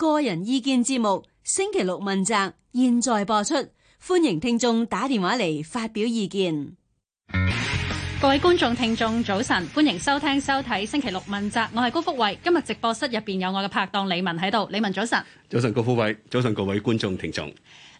個人意見節目星期六問責現在播出，歡迎聽眾打電話嚟發表意見。各位觀眾聽眾早晨，歡迎收聽收睇星期六問責，我係高福慧，今日直播室入邊有我嘅拍檔李文喺度，李文早晨，早晨高福慧，早晨各位觀眾聽眾。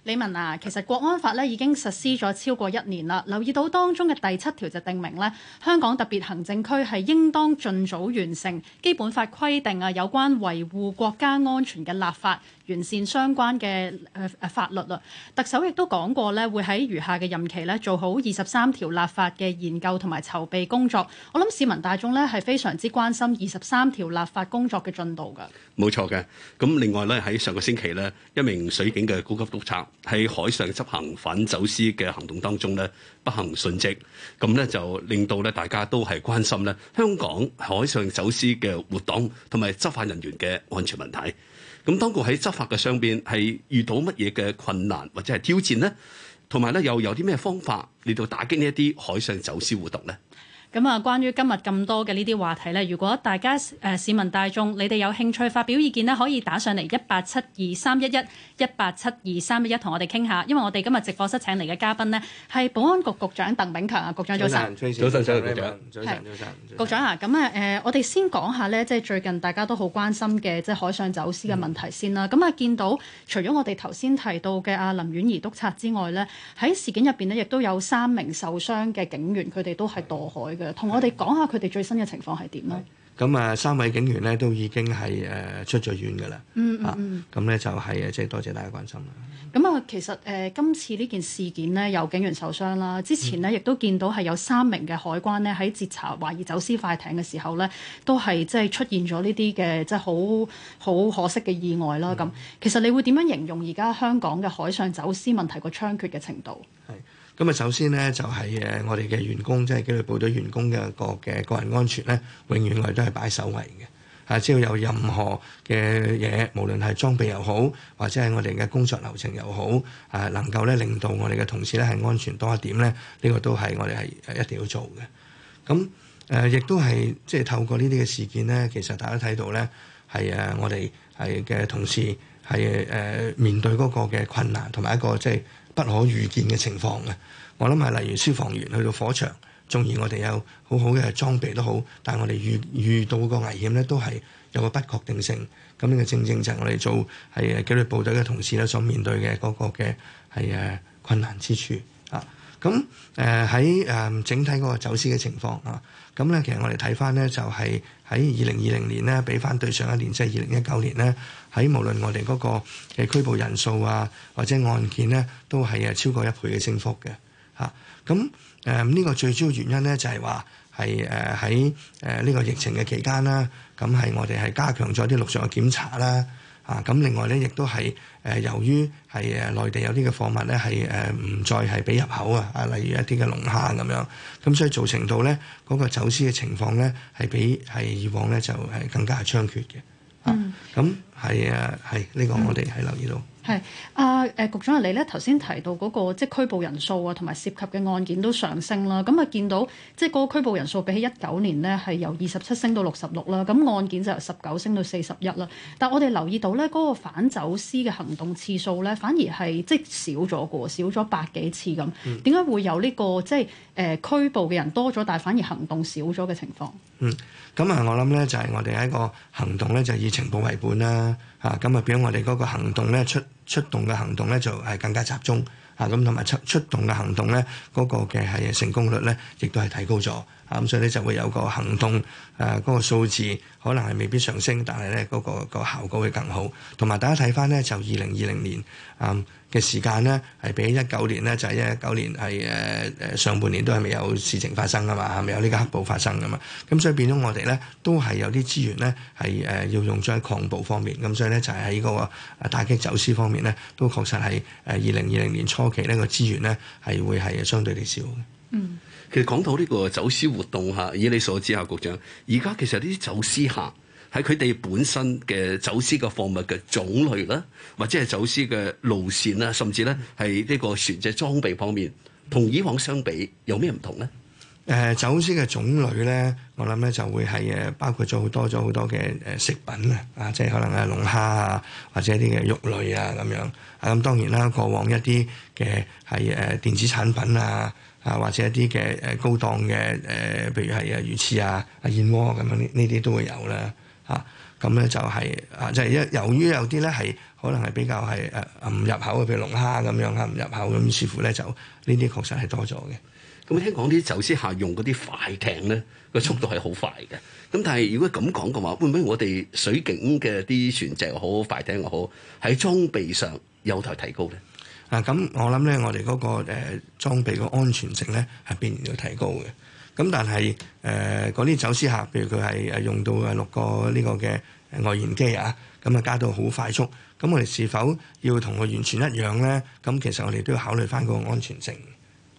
李文啊，其實國安法咧已經實施咗超過一年啦。留意到當中嘅第七條就定明咧，香港特別行政區係應當盡早完成基本法規定啊有關維護國家安全嘅立法。完善相關嘅誒誒法律啦，特首亦都講過咧，會喺餘下嘅任期咧做好二十三條立法嘅研究同埋籌備工作。我諗市民大眾咧係非常之關心二十三條立法工作嘅進度㗎。冇錯嘅，咁另外咧喺上個星期咧，一名水警嘅高級督察喺海上執行反走私嘅行動當中咧不幸殉職，咁咧就令到咧大家都係關心咧香港海上走私嘅活動同埋執法人員嘅安全問題。咁當局喺執法嘅上邊係遇到乜嘢嘅困難或者係挑戰咧？同埋咧，又有啲咩方法嚟到打擊呢一啲海上走私活動咧？咁啊，關於今日咁多嘅呢啲話題呢，如果大家誒、呃、市民大眾，你哋有興趣發表意見呢，可以打上嚟一八七二三一一一八七二三一一，同我哋傾下。因為我哋今日直播室請嚟嘅嘉賓呢，係保安局局長鄧炳強啊，局長早晨。早晨，早晨，早晨，早晨是。局長啊，咁啊誒，我哋先講下呢，即係最近大家都好關心嘅，即係海上走私嘅問題先啦。咁啊、嗯，見到除咗我哋頭先提到嘅阿林婉儀督察之外呢，喺事件入邊呢，亦都有三名受傷嘅警員，佢哋都係墮海。嗯同我哋講下佢哋最新嘅情況係點咯？咁、嗯嗯嗯、啊，三位警員咧都已經係誒出咗院噶啦。嗯嗯咁咧就係即係多謝大家關心啦。咁啊，其實誒、呃、今次呢件事件咧有警員受傷啦，之前咧亦都見到係有三名嘅海關咧喺截查懷疑走私快艇嘅時候咧，都係即係出現咗呢啲嘅即係好好可惜嘅意外啦。咁、嗯、其實你會點樣形容而家香港嘅海上走私問題個猖獗嘅程度？係。咁啊，首先咧就係誒我哋嘅員工，即係紀律部隊員工嘅個嘅個人安全咧，永遠我哋都係擺首位嘅。啊，只要有任何嘅嘢，無論係裝備又好，或者係我哋嘅工作流程又好，啊，能夠咧令到我哋嘅同事咧係安全多一點咧，呢個都係我哋係誒一定要做嘅。咁誒，亦都係即係透過呢啲嘅事件咧，其實大家睇到咧係誒我哋係嘅同事係誒面對嗰個嘅困難同埋一個即係。不可預見嘅情況嘅，我諗係例如消防員去到火場，縱然我哋有好好嘅裝備都好，但係我哋遇遇到個危險咧，都係有個不確定性。咁呢個正正就係我哋做係紀律部隊嘅同事咧所面對嘅嗰個嘅係誒困難之處啊。咁誒喺誒整體嗰個走私嘅情況啊，咁咧其實我哋睇翻咧就係喺二零二零年咧，比翻對上一年即係二零一九年咧，喺無論我哋嗰個嘅拘捕人數啊，或者案件咧，都係誒超過一倍嘅升幅嘅嚇。咁誒呢個最主要原因咧就係話係誒喺誒呢個疫情嘅期間啦，咁係我哋係加強咗啲陸上嘅檢查啦。啊，咁另外咧，亦都係誒、呃，由於係誒、呃、內地有啲嘅貨物咧，係誒唔再係俾入口啊，啊，例如一啲嘅龍蝦咁樣，咁、啊、所以造成到咧嗰、嗰個走私嘅情況咧，係比係以往咧就係、係、更加係猖獗嘅。嗯，咁係啊，係呢、嗯啊呢個我哋係留意到。嗯嗯係，阿誒、啊呃、局長啊，你咧頭先提到嗰、那個即係拘捕人數啊，同埋涉及嘅案件都上升啦。咁啊，見到即係嗰個拘捕人數比起一九年咧，係由二十七升到六十六啦。咁案件就由十九升到四十一啦。但係我哋留意到咧，嗰、那個反走私嘅行動次數咧，反而係即少咗、個，少咗百幾次咁。點解會有呢個即係誒拘捕嘅人多咗，但係反而行動少咗嘅情況？嗯，咁、嗯、啊、嗯，我諗咧就係、是、我哋喺一個行動咧，就以情報為本啦、啊。啊，咁啊、嗯，變咗我哋嗰個行動咧，出出動嘅行動咧就係更加集中，啊，咁同埋出出動嘅行動咧，嗰個嘅係成功率咧亦都係提高咗。咁所以咧就會有個行動，誒、呃、嗰、那個數字可能係未必上升，但係咧嗰個效果會更好。同埋大家睇翻咧就二零二零年嘅時間咧，係比一九年咧就係一九年係誒誒上半年都係未有事情發生噶嘛，係、啊、咪有呢個黑暴發生噶嘛？咁所以變咗我哋咧都係有啲資源咧係誒要用咗喺抗暴方面。咁所以咧就係喺嗰個打擊走私方面咧，都確實係誒二零二零年初期呢、那個資源咧係會係相對地少嘅。嗯。其實講到呢個走私活動嚇，以你所知嚇，局長，而家其實啲走私客喺佢哋本身嘅走私嘅貨物嘅種類啦，或者係走私嘅路線啊，甚至咧係呢個船隻裝備方面，同以往相比有咩唔同咧？誒、呃，走私嘅種類咧，我諗咧就會係誒包括咗好多咗好多嘅誒食品啊，啊，即係可能係龍蝦啊，或者啲嘅肉類啊咁樣。啊，咁當然啦，過往一啲嘅係誒電子產品啊。啊，或者一啲嘅誒高檔嘅誒，譬如係啊魚翅啊、燕窩咁樣呢啲都會有啦，嚇咁咧就係啊，就係因為由於有啲咧係可能係比較係誒唔入口嘅，譬如龍蝦咁樣嚇唔入口咁，似乎咧就呢啲確實係多咗嘅。咁聽講啲走私客用嗰啲快艇咧，個速度係好快嘅。咁但係如果咁講嘅話，會唔會我哋水警嘅啲船隻又好，快艇又好，喺裝備上有待提高咧？啊，咁我諗咧，我哋嗰、嗰個誒、呃、裝備嘅安全性咧，係必然要提高嘅。咁但係誒嗰啲走私客，譬如佢係用到啊六個呢個嘅外延機啊，咁啊加到好快速。咁、啊、我哋是否要同佢完全一樣咧？咁、啊、其實我哋都要考慮翻個安全性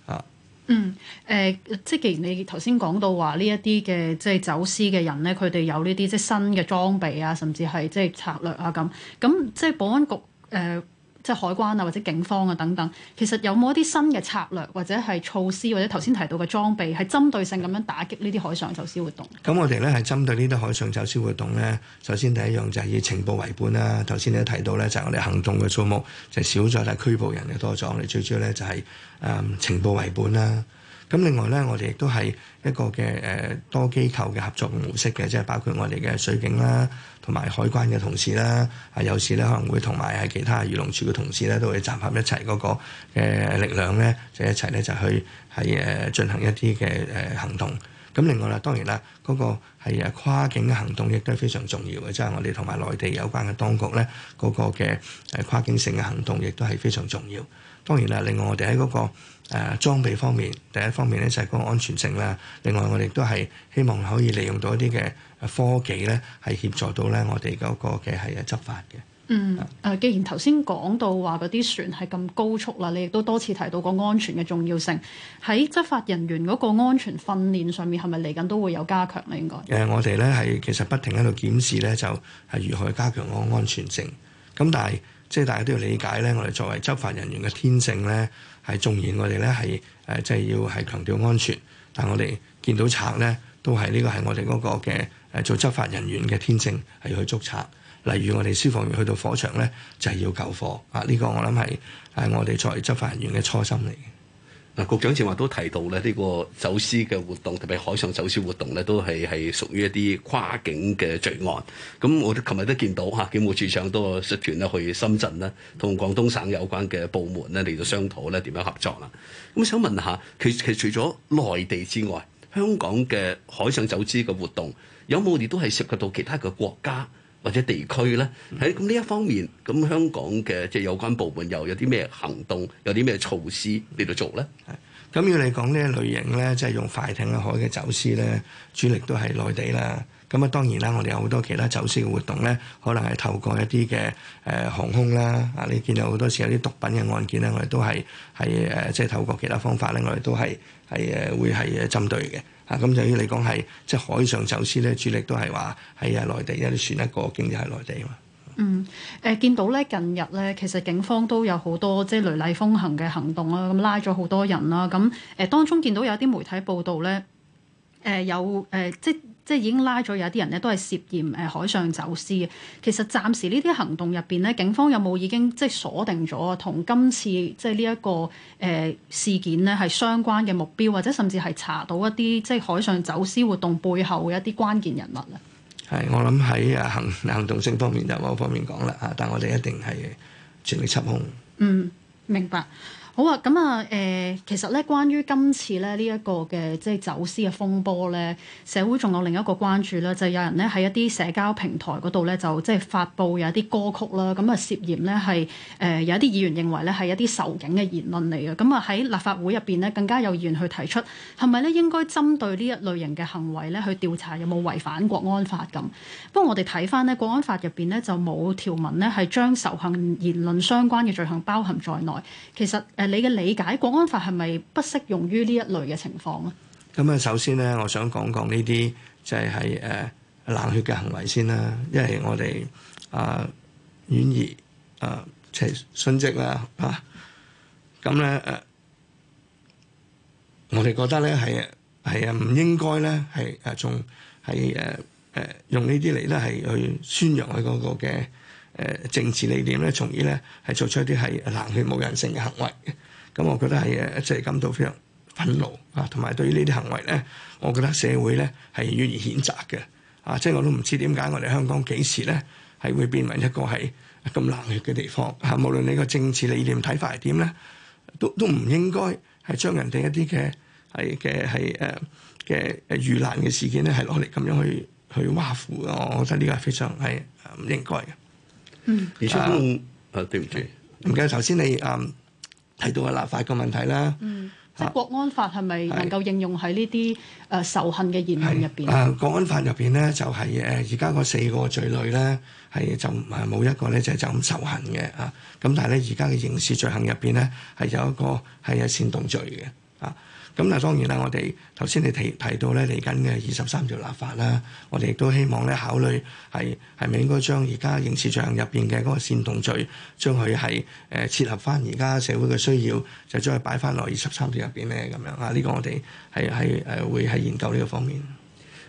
啊。嗯，誒、呃，即係既然你頭先講到話呢一啲嘅即係走私嘅人咧，佢哋有呢啲即係新嘅裝備啊，甚至係即係策略啊咁。咁即係保安局誒。呃即係海關啊，或者警方啊等等，其實有冇一啲新嘅策略或者係措施，或者頭先提到嘅裝備，係針對性咁樣打擊呢啲海上走私活動？咁我哋咧係針對呢啲海上走私活動咧，首先第一樣就係以情報為本啦。頭先你提到咧，就係、是、我哋行動嘅數目就少咗，但拘捕人嘅多咗。我哋最主要咧就係、是、誒、呃、情報為本啦。咁另外咧，我哋亦都係一個嘅誒、呃、多機構嘅合作模式嘅，即係包括我哋嘅水警啦。同埋海關嘅同事啦，啊，有時咧可能會同埋喺其他漁農署嘅同事咧都會集合一齊嗰個嘅力量咧，就一齊咧就去喺誒進行一啲嘅誒行動。咁另外啦，當然啦，嗰個係誒跨境嘅行動亦都係非常重要嘅，即係我哋同埋內地有關嘅當局咧嗰個嘅誒跨境性嘅行動亦都係非常重要。當然啦，另外我哋喺嗰個誒裝備方面，第一方面咧就係個安全性啦。另外我哋都係希望可以利用到一啲嘅。科技咧係協助到咧我哋嗰個嘅係嘅執法嘅。嗯，誒，既然頭先講到話嗰啲船係咁高速啦，你亦都多次提到個安全嘅重要性，喺執法人員嗰個安全訓練上面係咪嚟緊都會有加強咧？應該誒、呃，我哋咧係其實不停喺度檢視咧，就係、是、如何去加強個安全性。咁但係即係大家都要理解咧，我哋作為執法人員嘅天性咧，係縱然我哋咧係誒，即係、呃就是、要係強調安全。但係我哋見到賊咧，都係呢、這個係我哋嗰個嘅。誒做執法人員嘅天性係去捉賊，例如我哋消防員去到火場咧，就係要救火啊。呢個我諗係誒我哋作為執法人員嘅初心嚟嘅。嗱，局長正話都提到咧，呢個走私嘅活動特別海上走私活動咧，都係係屬於一啲跨境嘅罪案。咁我哋琴日都見到嚇，警務處長都個失團咧去深圳啦，同廣東省有關嘅部門咧嚟到商討咧點樣合作啦。咁想問下，其實除咗內地之外，香港嘅海上走私嘅活動？有冇我哋都係涉及到其他嘅國家或者地區咧？喺咁呢一方面，咁香港嘅即係有關部門又有啲咩行動，有啲咩措施嚟到做咧？咁、嗯、要你講呢一類型咧，即係用快艇嘅海嘅走私咧，主力都係內地啦。咁啊當然啦，我哋有好多其他走私嘅活動咧，可能係透過一啲嘅誒航空啦。啊，你見到好多時有啲毒品嘅案件咧，我哋都係係誒即係透過其他方法咧，我哋都係係誒會係誒針對嘅。咁就於你講係即係海上走私咧，主力都係話喺啊內地，因為船一過境就係內地啊嘛。嗯，誒、呃、見到咧，近日咧，其實警方都有好多即係雷厲風行嘅行動啦，咁拉咗好多人啦。咁、啊、誒當中見到有啲媒體報道咧，誒、呃、有誒、呃、即即係已經拉咗有啲人咧，都係涉嫌誒海上走私嘅。其實暫時呢啲行動入邊咧，警方有冇已經即係鎖定咗同今次即係呢一個誒、呃、事件咧係相關嘅目標，或者甚至係查到一啲即係海上走私活動背後嘅一啲關鍵人物咧？係我諗喺行行動性方面就嗰方面講啦吓，但我哋一定係全力執控。嗯，明白。好啊，咁啊，誒，其實咧，關於今次咧呢一、這個嘅即係走私嘅風波咧，社會仲有另一個關注咧，就是、有人咧喺一啲社交平台嗰度咧，就即係發布有一啲歌曲啦，咁、嗯、啊涉嫌咧係誒有一啲議員認為咧係一啲仇警嘅言論嚟嘅，咁啊喺立法會入邊咧更加有議員去提出是是呢，係咪咧應該針對呢一類型嘅行為咧去調查有冇違反國安法咁？不過我哋睇返咧國安法入邊咧就冇條文咧係將仇恨言論相關嘅罪行包含在內，其實。誒，你嘅理解《國安法》係咪不適用於呢一類嘅情況咧？咁啊，首先咧，我想講講呢啲就係誒冷血嘅行為先啦，因為我哋啊婉兒啊即係殉職啦啊，咁咧誒，我哋覺得咧係係啊唔應該咧係誒仲係誒誒用呢啲嚟咧係去宣揚佢嗰個嘅。誒政治理念咧，從而咧係做出一啲係冷血冇人性嘅行為嘅。咁我覺得係誒，即係感到非常憤怒啊！同埋對於呢啲行為咧，我覺得社會咧係予以譴責嘅啊！即係我都唔知點解我哋香港幾時咧係會變為一個係咁冷血嘅地方嚇、啊。無論你個政治理念睇法係點咧，都都唔應該係將人哋一啲嘅係嘅係誒嘅遇難嘅事件咧，係攞嚟咁樣去去挖苦。我覺得呢個係非常係唔應該嘅。嗯，而且誒、啊，對唔住，唔記得頭先你誒、呃、提到嘅立法個問題啦。嗯，即係國安法係咪能夠應用喺呢啲誒仇恨嘅言論入邊、啊？啊，國安法入邊咧就係誒而家嗰四個罪類咧係就誒冇一個咧就係就咁仇恨嘅啊。咁但係咧而家嘅刑事罪行入邊咧係有一個係有煽動罪嘅啊。咁啊，當然啦，我哋頭先你提提到咧嚟緊嘅二十三條立法啦，我哋亦都希望咧考慮係係咪應該將而家刑事罪行入邊嘅嗰個煽動罪，將佢係誒切合翻而家社會嘅需要，就將佢擺翻落二十三條入邊咧咁樣啊？呢個我哋係係誒會係研究呢個方面。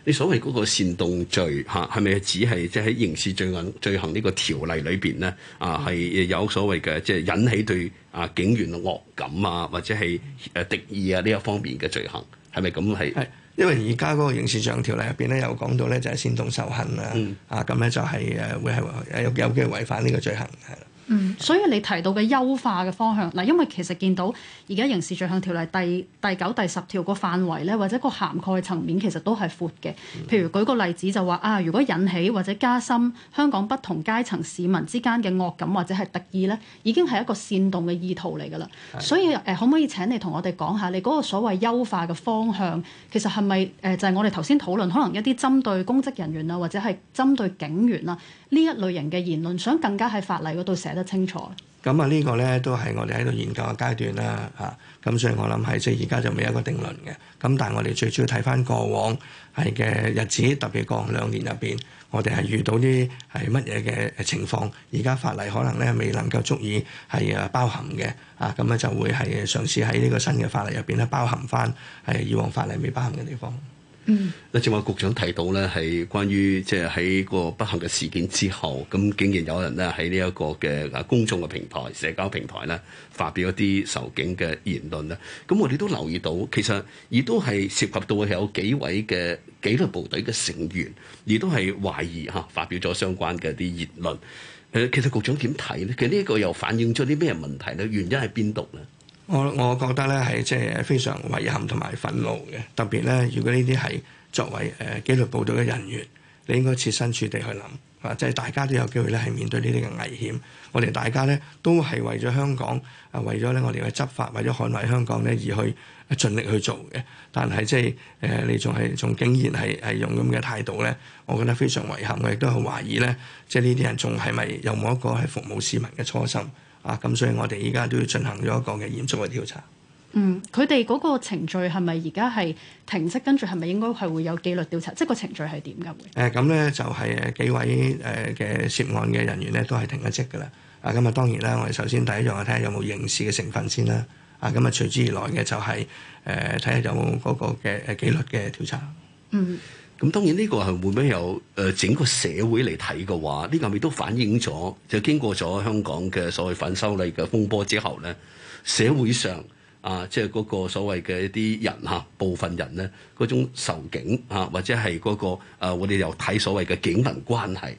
你所謂嗰個煽動罪嚇係咪只係即係喺刑事罪行罪行呢個條例裏邊，咧啊，係有所謂嘅即係引起對啊警員嘅惡感啊，或者係誒敵意啊呢一方面嘅罪行係咪咁係？係因為而家嗰個刑事罪行條例入邊咧有講到咧，就係煽動仇恨啦、嗯、啊咁咧就係誒會係有有機會違反呢個罪行係。嗯、所以你提到嘅優化嘅方向，嗱，因為其實見到而家刑事罪行條例第第九、第十條個範圍咧，或者個涵蓋層面其實都係闊嘅。譬如舉個例子就話啊，如果引起或者加深香港不同階層市民之間嘅惡感或者係敵意咧，已經係一個煽動嘅意圖嚟㗎啦。的所以誒、呃，可唔可以請你同我哋講下，你嗰個所謂優化嘅方向，其實係咪誒就係、是、我哋頭先討論可能一啲針對公職人員啊，或者係針對警員啊。呢一類型嘅言論，想更加喺法例嗰度寫得清楚。咁啊，呢個咧都係我哋喺度研究嘅階段啦，嚇。咁所以我諗係即係而家就未有一個定論嘅。咁但係我哋最主要睇翻過往係嘅日子，特別過去兩年入邊，我哋係遇到啲係乜嘢嘅情況。而家法例可能咧未能夠足以係啊包含嘅，啊咁咧就會係嘗試喺呢個新嘅法例入邊咧包含翻係以往法例未包含嘅地方。嗯，嗱，正話局長提到咧，係關於即係喺個不幸嘅事件之後，咁竟然有人咧喺呢一個嘅公眾嘅平台、社交平台咧，發表一啲仇警嘅言論咧，咁我哋都留意到，其實亦都係涉及到有幾位嘅紀律部隊嘅成員，亦都係懷疑吓、啊、發表咗相關嘅啲言論。誒，其實局長點睇咧？其實呢個又反映咗啲咩問題咧？原因係邊度咧？我我覺得咧係即係非常遺憾同埋憤怒嘅，特別咧如果呢啲係作為誒紀律部隊嘅人員，你應該設身處地去諗，啊即係大家都有機會咧係面對呢啲嘅危險。我哋大家咧都係為咗香港啊，為咗咧我哋嘅執法，為咗捍衞香港咧而去盡力去做嘅。但係即係誒，你仲係仲竟然係係用咁嘅態度咧，我覺得非常遺憾。我亦都係懷疑咧，即係呢啲人仲係咪有冇一個係服務市民嘅初心？啊，咁所以我哋依家都要進行咗一個嘅嚴肅嘅調查。嗯，佢哋嗰個程序係咪而家係停職？跟住係咪應該係會有紀律調查？即係個程序係點㗎？會？誒，咁咧就係幾位誒嘅涉案嘅人員咧都係停咗職㗎啦。啊，咁啊當然啦，我哋首先第一樣，我睇下有冇刑事嘅成分先啦。啊，咁啊隨之而來嘅就係誒睇下有冇嗰個嘅誒紀律嘅調查。嗯。咁當然呢個係會唔會有誒整個社會嚟睇嘅話，呢個係咪都反映咗，就經過咗香港嘅所謂反修例嘅風波之後咧，社會上啊，即係嗰個所謂嘅一啲人嚇、啊，部分人咧嗰種仇警、啊、或者係嗰、嗰個、啊、我哋又睇所謂嘅警民關係，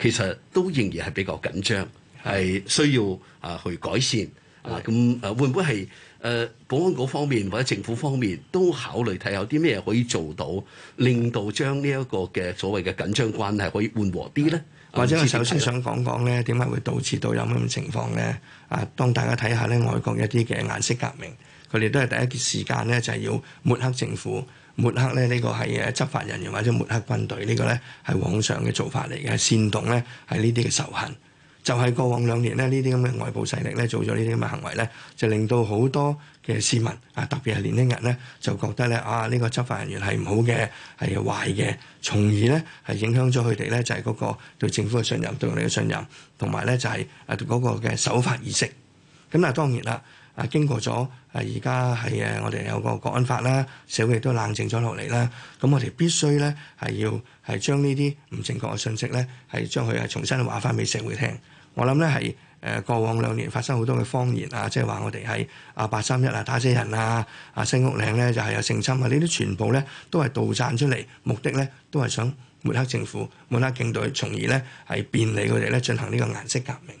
其實都仍然係比較緊張，係需要啊去改善的啊，咁誒會唔會係？誒保安局方面或者政府方面都考慮睇有啲咩可以做到，令到將呢一個嘅所謂嘅緊張關係可以緩和啲咧。或者我首先想講講咧，點解會導致到有咁嘅情況咧？啊，當大家睇下咧，外國一啲嘅顏色革命，佢哋都係第一時間咧就係、是、要抹黑政府、抹黑咧呢、這個係誒執法人員或者抹黑軍隊呢、這個咧係往上嘅做法嚟嘅，煽動咧係呢啲嘅仇恨。就係過往兩年咧，呢啲咁嘅外部勢力咧，做咗呢啲咁嘅行為咧，就令到好多嘅市民啊，特別係年輕人咧，就覺得咧啊，呢個執法人員係唔好嘅，係壞嘅，從而咧係影響咗佢哋咧，就係嗰個對政府嘅信任、對我哋嘅信任，同埋咧就係啊嗰個嘅守法意識。咁啊，當然啦，啊經過咗啊而家係誒我哋有個《國安法》啦，社會亦都冷靜咗落嚟啦，咁我哋必須咧係要係將呢啲唔正確嘅信息咧，係將佢啊重新話翻俾社會聽。我諗咧係誒過往兩年發生好多嘅謊言啊，即係話我哋喺啊八三一啊打死人啊啊新屋嶺咧就係有性侵啊，呢啲全部咧都係杜撰出嚟，目的咧都係想抹黑政府，抹黑警隊，從而咧係便利佢哋咧進行呢個顏色革命。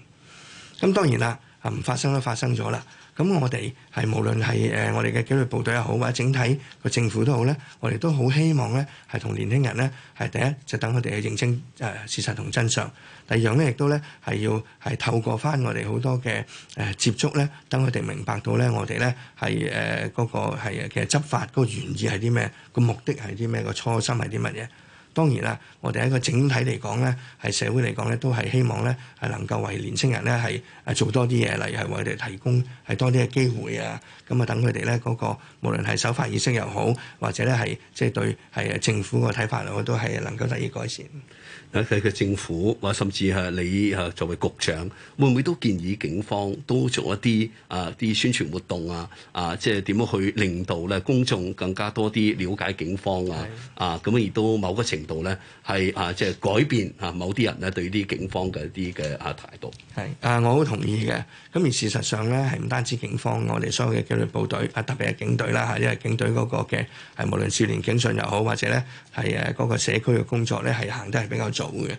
咁當然啦，啊唔發生都發生咗啦。咁我哋係無論係誒我哋嘅紀律部隊又好，或者整體個政府都好咧，我哋都好希望咧係同年輕人咧係第一就等佢哋去認清誒事實同真相，第二樣咧亦都咧係要係透過翻我哋好多嘅誒接觸咧，等佢哋明白到咧我哋咧係誒嗰個係嘅執法嗰個原意係啲咩，個目的係啲咩，個初心係啲乜嘢。當然啦，我哋喺個整體嚟講咧，係社會嚟講咧，都係希望咧係能夠為年輕人咧係係做多啲嘢，例如係為佢哋提供係多啲嘅機會啊，咁啊等佢哋咧嗰個無論係守法意識又好，或者咧係即係對係政府個睇法咧，我都係能夠得以改善。啊！佢嘅政府，或者甚至係你啊，作為局長，會唔會都建議警方都做一啲啊啲宣傳活動啊？啊，即係點樣去令到咧公眾更加多啲了解警方啊？是啊，咁啊，亦都某個程度咧係啊，即係改變啊某啲人咧對啲警方嘅一啲嘅啊態度。係啊，我好同意嘅。咁而事實上咧，係唔單止警方，我哋所有嘅紀律部隊啊，特別係警隊啦嚇，因、啊、為警隊嗰個嘅係無論少年警訊又好，或者咧係誒嗰個社區嘅工作咧，係行得係比較。做嘅，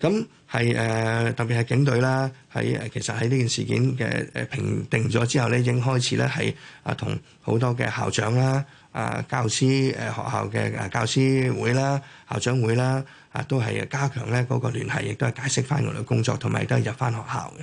咁係誒，特別係警隊啦，喺其實喺呢件事件嘅誒評定咗之後咧，已經開始咧係啊同好多嘅校長啦、啊教師誒學校嘅啊教師會啦、校長會啦啊都係加強咧嗰個聯繫，亦都係解釋翻我哋工作，同埋都係入翻學校嘅。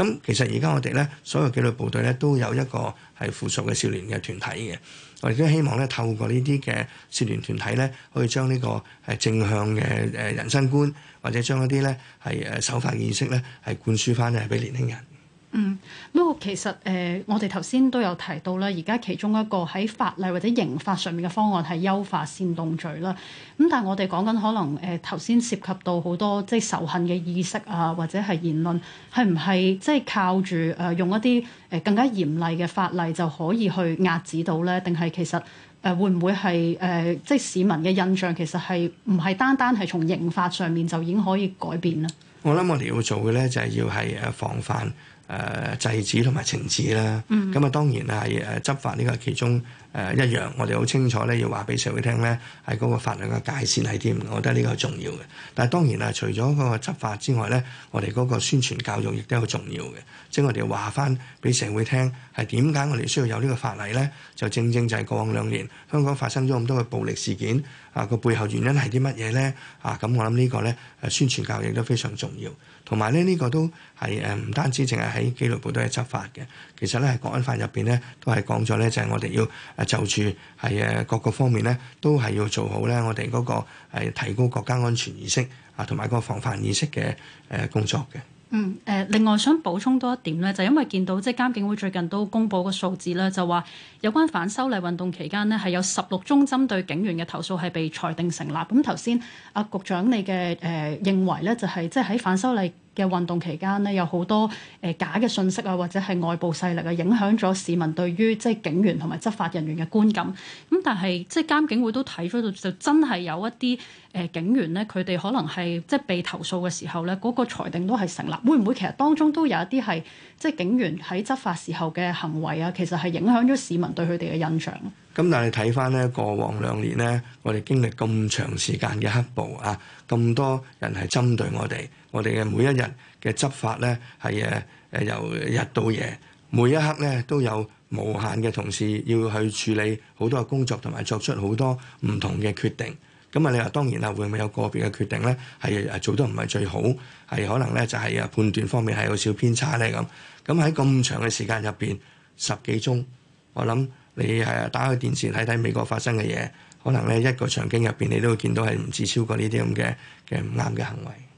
咁其實而家我哋咧，所有紀律部隊咧，都有一個係附屬嘅少年嘅團體嘅。我哋都希望咧，透過呢啲嘅少年團體咧，可以將呢個係正向嘅誒人生觀，或者將一啲咧係誒守法嘅意識咧，係灌輸翻咧俾年輕人。嗯，不過其實誒、呃，我哋頭先都有提到啦，而家其中一個喺法例或者刑法上面嘅方案係優化煽動罪啦。咁但係我哋講緊可能誒頭先涉及到好多即係仇恨嘅意識啊，或者係言論，係唔係即係靠住誒用一啲誒更加嚴厲嘅法例就可以去壓止到咧？定係其實誒、呃、會唔會係誒、呃、即係市民嘅印象其實係唔係單單係從刑法上面就已經可以改變咧？我諗我哋要做嘅咧就係要係誒防範。誒、呃，制止同埋懲治啦，嗯，咁啊當然啊誒，執法呢個係其中誒一樣，我哋好清楚咧，要話俾社會聽咧，係嗰個法律嘅界線係點，我覺得呢個係重要嘅。但係當然啦，除咗嗰個執法之外咧，我哋嗰個宣傳教育亦都好重要嘅。即係我哋話翻俾社會聽，係點解我哋需要有呢個法例咧？就正正就係過往兩年香港發生咗咁多嘅暴力事件啊，個背後原因係啲乜嘢咧？啊，咁、嗯、我諗呢個咧誒宣傳教育亦都非常重要。同埋咧，呢、這個都係誒唔單止淨係喺紀律部都係執法嘅，其實咧《國安法》入邊咧都係講咗咧，就係、是、我哋要。就住係誒，各個方面咧，都係要做好咧。我哋嗰個係提高國家安全意識啊，同埋個防範意識嘅誒工作嘅。嗯誒，另外想補充多一點咧，就因為見到即係監警會最近都公布個數字咧，就話有關反修例運動期間呢，係有十六宗針對警員嘅投訴係被裁定成立。咁頭先阿局長你嘅誒認為咧，就係即係喺反修例嘅運動期間咧，有好多誒、呃、假嘅信息啊，或者係外部勢力啊，影響咗市民對於即係警員同埋執法人員嘅觀感。咁但係即係監警會都睇咗到，就真係有一啲誒、呃、警員咧，佢哋可能係即係被投訴嘅時候咧，嗰、嗰個裁定都係成立。會唔會其實當中都有一啲係即係警員喺執法時候嘅行為啊，其實係影響咗市民對佢哋嘅印象？咁但係睇翻咧，過往兩年咧，我哋經歷咁長時間嘅黑暴啊，咁多人係針對我哋。我哋嘅每一日嘅執法咧，係誒誒由日到夜，每一刻咧都有無限嘅同事要去處理好多嘅工作，同埋作出好多唔同嘅決定。咁啊，你話當然啦，會唔會有個別嘅決定咧係做得唔係最好，係可能咧就係啊判斷方面係有少偏差咧咁。咁喺咁長嘅時間入邊，十幾鐘，我諗你係打開電視睇睇美國發生嘅嘢，可能咧一個場景入邊，你都會見到係唔止超過呢啲咁嘅嘅唔啱嘅行為。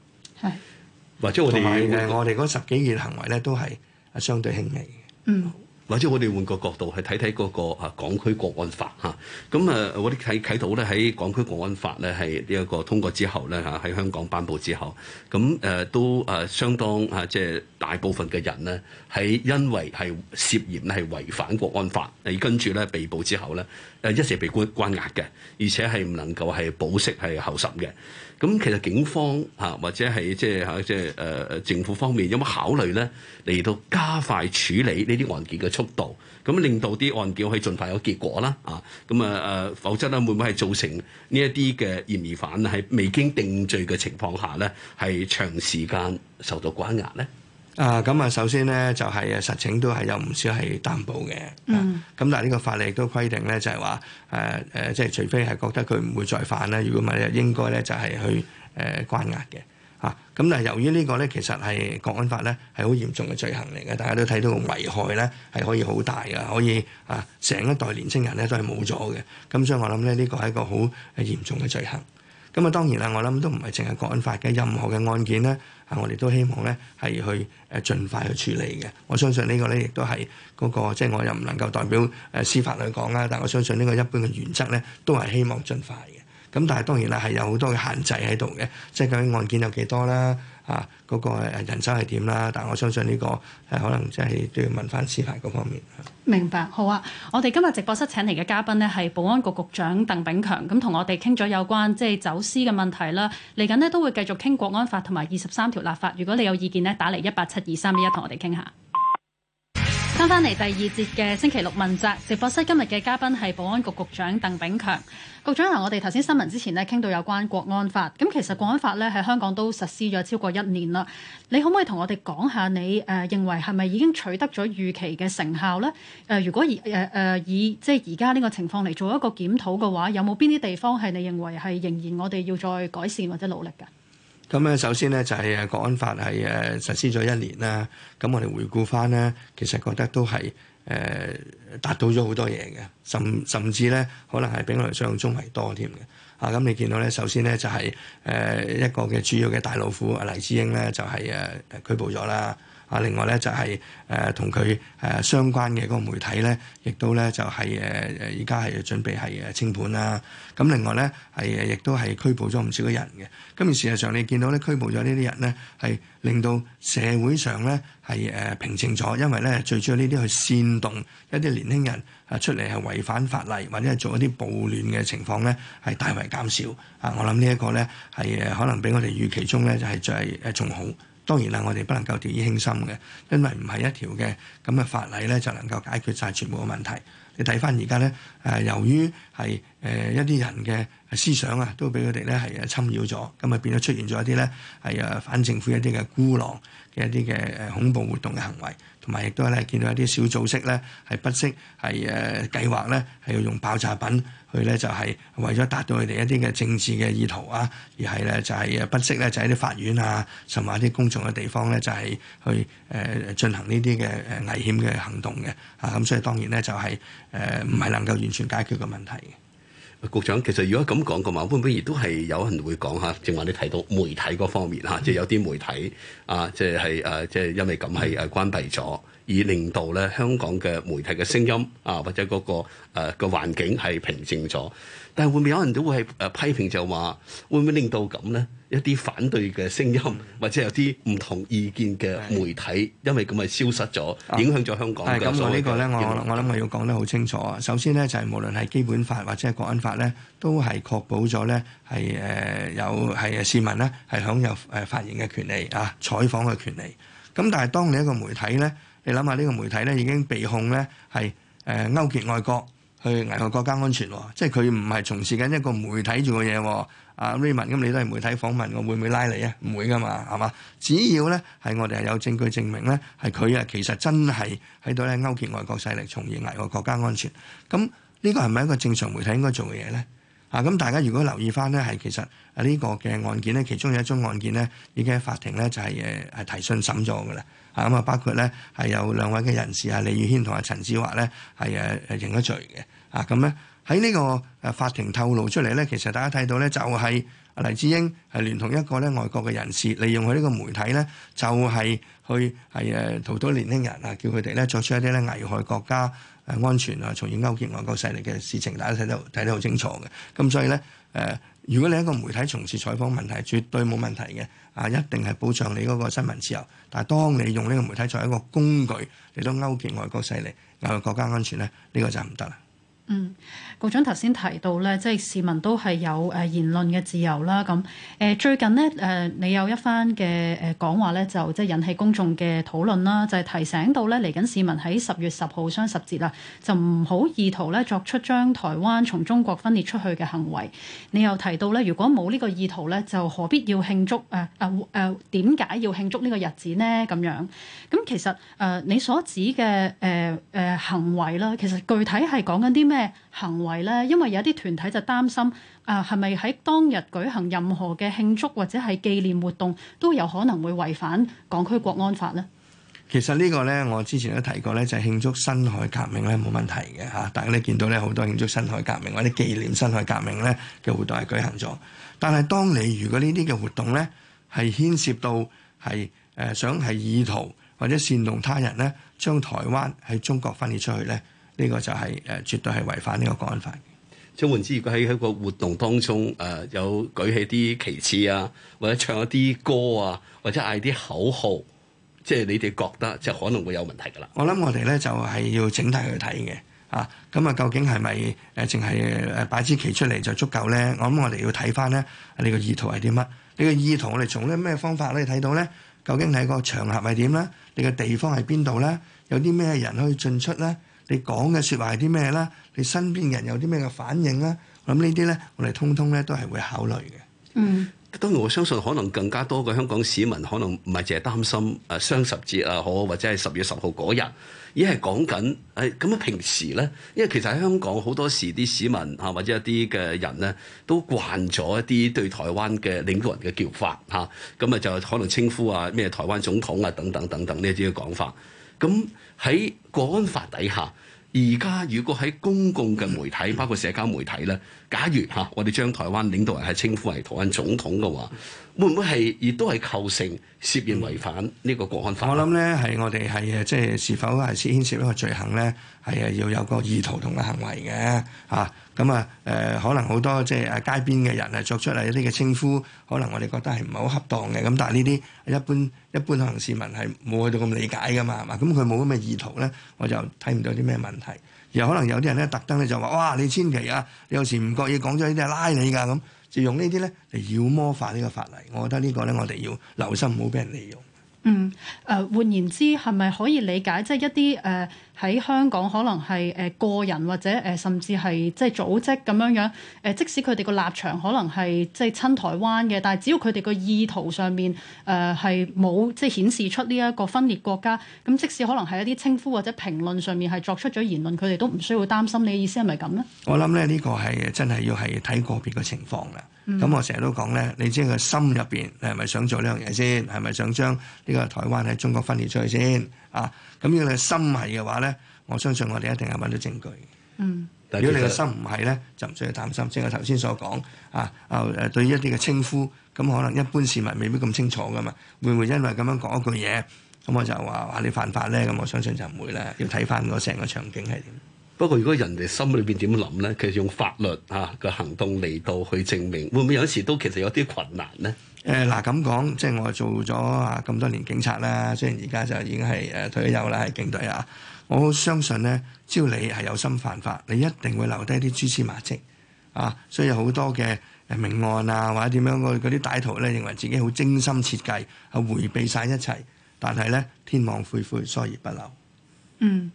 係，或者我同埋誒，我哋嗰十幾件行為咧，都係相對輕微嘅。嗯。或者我哋換個角度去睇睇嗰個啊，港區國安法嚇，咁啊我哋睇睇到咧，喺港區國安法咧，係呢一個通過之後咧，吓喺香港頒布之後，咁、啊、誒都誒相當啊，即係大部分嘅人咧喺，因為係涉嫌係違反國安法，誒跟住咧被捕之後咧誒一直被關關押嘅，而且係唔能夠係保釋係候審嘅。咁、啊、其實警方嚇、啊、或者係即係嚇即係誒政府方面有冇考慮咧，嚟到加快處理呢啲案件嘅速度咁令到啲案件可以盡快有結果啦啊！咁啊誒，否則咧會唔會係造成呢一啲嘅嫌疑犯喺未經定罪嘅情況下咧，係長時間受到關押咧？啊！咁啊，首先咧就係誒實情都係有唔少係擔保嘅。嗯。咁但係呢個法例亦都規定咧，就係話誒誒，即係除非係覺得佢唔會再犯啦，如果唔係咧，應該咧就係去誒關押嘅。啊！咁但係由於呢個咧，其實係《國安法》咧係好嚴重嘅罪行嚟嘅，大家都睇到危害咧係可以好大㗎，可以啊成一代年青人咧都係冇咗嘅。咁所以我諗咧呢個係一個好嚴重嘅罪行。咁啊當然啦，我諗都唔係淨係《國安法》嘅，任何嘅案件咧，啊我哋都希望咧係去誒盡快去處理嘅。我相信呢個咧亦都係嗰個即係我又唔能夠代表誒司法嚟講啦，但我相信呢個一般嘅原則咧都係希望盡快嘅。咁但係當然啦，係有好多嘅限制喺度嘅，即係究竟案件有幾多啦，啊嗰個、啊、人生人手係點啦。但我相信呢、呢個係、啊、可能即係都要問翻司法嗰方面。明白。好啊，我哋今日直播室請嚟嘅嘉賓呢係保安局局長鄧炳強，咁同我哋傾咗有關即係走私嘅問題啦。嚟緊呢都會繼續傾《國安法》同埋《二十三條》立法。如果你有意見呢，打嚟一八七二三一一同我哋傾下。翻翻嚟第二節嘅星期六問責直播室，今日嘅嘉賓係保安局局長鄧炳強局長。喺我哋頭先新聞之前咧，傾到有關國安法。咁其實國安法咧喺香港都實施咗超過一年啦。你可唔可以同我哋講下你誒、呃、認為係咪已經取得咗預期嘅成效咧？誒、呃，如果誒誒以、呃、以即係而家呢個情況嚟做一個檢討嘅話，有冇邊啲地方係你認為係仍然我哋要再改善或者努力㗎？咁咧，首先咧就係誒《國安法》係誒實施咗一年啦。咁我哋回顧返咧，其實覺得都係誒、呃、達到咗好多嘢嘅，甚甚至咧可能係比我哋想像中係多添嘅。啊，咁你見到咧，首先咧就係、是、誒、呃、一個嘅主要嘅大老虎阿黎智英咧，就係、是、誒拘捕咗啦。啊，另外咧就係誒同佢誒相關嘅嗰個媒體咧，亦都咧就係誒誒而家係準備係清盤啦。咁另外咧係誒亦都係拘捕咗唔少嘅人嘅。咁而事實上你見到咧拘捕咗呢啲人咧，係令到社會上咧係誒平靜咗，因為咧最主要呢啲去煽動一啲年輕人啊出嚟係違反法例或者係做一啲暴亂嘅情況咧係大為減少。啊，我諗呢一個咧係誒可能比我哋預期中咧係再誒仲好。當然啦，我哋不能夠掉以輕心嘅，因為唔係一條嘅咁嘅法例咧，就能夠解決晒全部嘅問題。你睇翻而家咧，誒、呃、由於係，誒一啲人嘅思想啊，都俾佢哋咧係侵擾咗，咁咪變咗出現咗一啲咧係誒反政府一啲嘅孤狼嘅一啲嘅誒恐怖活動嘅行為，同埋亦都係咧見到一啲小組織咧係不惜係誒計劃咧係要用爆炸品去咧就係為咗達到佢哋一啲嘅政治嘅意圖啊，而係咧就係誒不惜咧就喺啲法院啊，甚至乎啲公眾嘅地方咧就係去誒進行呢啲嘅誒危險嘅行動嘅啊，咁所以當然咧就係誒唔係能夠完全解決個問題。局長，其實如果咁講嘅話，會唔會亦都係有人會講吓？正係話你提到媒體嗰方面吓，嗯、即係有啲媒體啊，即係誒、啊，即係因為咁係誒關閉咗。以令到咧香港嘅媒體嘅聲音啊，或者嗰個誒個環境係平靜咗。但係會唔會有人都會係誒批評就話會唔會令到咁咧？一啲反對嘅聲音或者有啲唔同意見嘅媒體，因為咁係消失咗，影響咗香港。咁我呢個咧，我我諗我要講得好清楚。首先咧，就係無論係基本法或者係國安法咧，都係確保咗咧係誒有係市民咧係享有誒發言嘅權利啊、採訪嘅權利。咁但係當你一個媒體咧，你諗下呢個媒體咧已經被控咧係誒勾結外國去危害國家安全，即係佢唔係從事緊一個媒體做嘅嘢。阿 Raymond，咁你都係媒體訪問，我會唔會拉你啊？唔會噶嘛，係嘛？只要咧係我哋係有證據證明咧係佢啊，其實真係喺度咧勾結外國勢力，從而危害國家安全。咁呢個係咪一個正常媒體應該做嘅嘢咧？啊，咁大家如果留意翻，咧係其實喺呢個嘅案件咧，其中有一宗案件咧已經喺法庭咧就係誒係提訊審咗嘅啦。啊咁啊，包括咧係有兩位嘅人士啊，李宇軒同阿陳志華咧係誒認咗罪嘅。啊咁咧喺呢個誒法庭透露出嚟咧，其實大家睇到咧就係黎智英係聯同一個咧外國嘅人士，利用佢呢個媒體咧就係去係誒荼毒年輕人啊，叫佢哋咧作出一啲咧危害國家誒安全啊，從而勾結外國勢力嘅事情，大家睇到睇得好清楚嘅。咁所以咧誒，如果你一個媒體從事採訪問題，絕對冇問題嘅。啊！一定係保障你嗰個新聞自由，但係當你用呢個媒體作為一個工具，你都勾結外國勢力、危害國家安全咧，呢、呢個就唔得啦。嗯。局長頭先提到咧，即係市民都係有誒言論嘅自由啦。咁誒、呃、最近咧誒、呃，你有一番嘅誒講話咧，就即係引起公眾嘅討論啦。就係、是、提醒到咧，嚟緊市民喺十月十號雙十節啦，就唔好意圖咧作出將台灣從中國分裂出去嘅行為。你又提到咧，如果冇呢個意圖咧，就何必要慶祝誒誒誒？點、呃、解、呃、要慶祝呢個日子咧？咁樣咁其實誒、呃，你所指嘅誒誒行為啦，其實具體係講緊啲咩？行為咧，因為有啲團體就擔心，啊，係咪喺當日舉行任何嘅慶祝或者係紀念活動都有可能會違反港區國安法呢？其實呢個呢，我之前都提過呢，就係、係、慶祝辛亥革命呢冇問題嘅嚇、啊，大家咧見到咧好多慶祝辛亥革命或者紀念辛亥革命呢嘅活動係舉行咗。但係當你如果呢啲嘅活動呢係牽涉到係誒想係意圖或者煽動他人呢將台灣喺中國分裂出去呢。呢個就係誒，絕對係違反呢個《國安法》嘅。即係換之，如果喺一個活動當中，誒有舉起啲旗幟啊，或者唱一啲歌啊，或者嗌啲口號，即係你哋覺得就可能會有問題噶啦。我諗我哋咧就係要整體去睇嘅啊。咁啊，究竟係咪誒，淨係擺支旗出嚟就足夠咧？我諗我哋要睇翻咧，你個意圖係點啊？你個意圖我哋從咧咩方法咧睇到咧？究竟喺個場合係點咧？你個地方係邊度咧？有啲咩人去進出咧？你講嘅説話係啲咩啦？你身邊人有啲咩嘅反應啦？我諗呢啲咧，我哋通通咧都係會考慮嘅。嗯，當然我相信可能更加多嘅香港市民可能唔係淨係擔心誒雙十節啊，好或者係十月十號嗰日，而係講緊誒咁樣平時咧。因為其實喺香港好多時啲市民啊，或者一啲嘅人咧，都慣咗一啲對台灣嘅領導人嘅叫法嚇，咁啊就可能稱呼啊咩台灣總統啊等等等等呢啲嘅講法。咁喺《國安法》底下，而家如果喺公共嘅媒體，包括社交媒體咧。假如嚇我哋將台灣領導人係稱呼為台灣總統嘅話，會唔會係亦都係構成涉嫌違反呢個國安法？我諗咧係我哋係誒，即係是，是否係先牽涉一個罪行咧？係誒要有個意圖同嘅行為嘅嚇。咁啊誒、啊呃，可能好多即係誒街邊嘅人係作出嚟一啲嘅稱呼，可能我哋覺得係唔係好恰當嘅。咁但係呢啲一般一般可能市民係冇去到咁理解噶嘛，係嘛？咁佢冇咁嘅意圖咧，我就睇唔到啲咩問題。有可能有啲人咧特登咧就話：哇！你千祈啊，你有時唔覺意講咗呢啲，係拉你㗎咁，就用呢啲咧嚟妖魔化呢個法例。我覺得呢個咧，我哋要留心，唔好俾人利用。嗯，誒、呃、換言之，係咪可以理解即係、就是、一啲誒？呃喺香港可能係誒個人或者誒甚至係即係組織咁樣樣誒，即使佢哋個立場可能係即係親台灣嘅，但係只要佢哋個意圖上面誒係冇即係顯示出呢一個分裂國家，咁即使可能係一啲稱呼或者評論上面係作出咗言論，佢哋都唔需要擔心你是是要。你意思係咪咁咧？我諗咧呢個係真係要係睇個別嘅情況啦。咁我成日都講咧，你即係個心入邊係咪想做呢樣嘢先？係咪想將呢個台灣喺中國分裂出去先？啊，咁如果你心係嘅話咧？我相信我哋一定係揾到證據。嗯，如果你個心唔係咧，就唔需要擔心。正如頭先所講啊，啊、呃，對於一啲嘅稱呼，咁、嗯、可能一般市民未必咁清楚噶嘛。會唔會因為咁樣講一句嘢，咁、嗯、我就話哇、啊、你犯法咧？咁、嗯、我相信就唔會啦。要睇翻個成個場景係點。不過如果人哋心裏邊點諗咧，其實用法律啊個行動嚟到去證明，會唔會有時都其實有啲困難咧？誒、呃，嗱咁講，即係我做咗啊咁多年警察啦，雖然而家就已經係誒退休啦，係警隊啊。我相信咧，只要你係有心犯法，你一定會留低啲蛛絲馬跡啊！所以有好多嘅誒命案啊，或者點樣嗰啲歹徒咧，認為自己好精心設計，係迴避晒一切，但係咧，天網恢恢，疏而不漏。嗯。